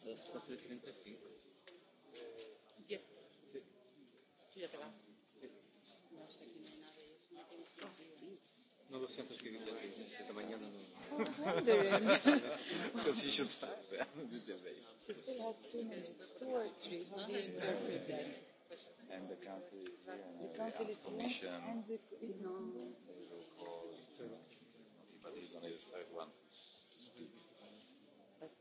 a las cuatro y treinta y cinco diez sí. tú ya te vas sí. no sé quién es nadie no tienes sentido no lo siento escribir de business esta mañana no I was wondering because you should start there with the way she still has two minutes two or three how do you interpret that and the council is here and the council is commission and the no. they will call but he's only the third one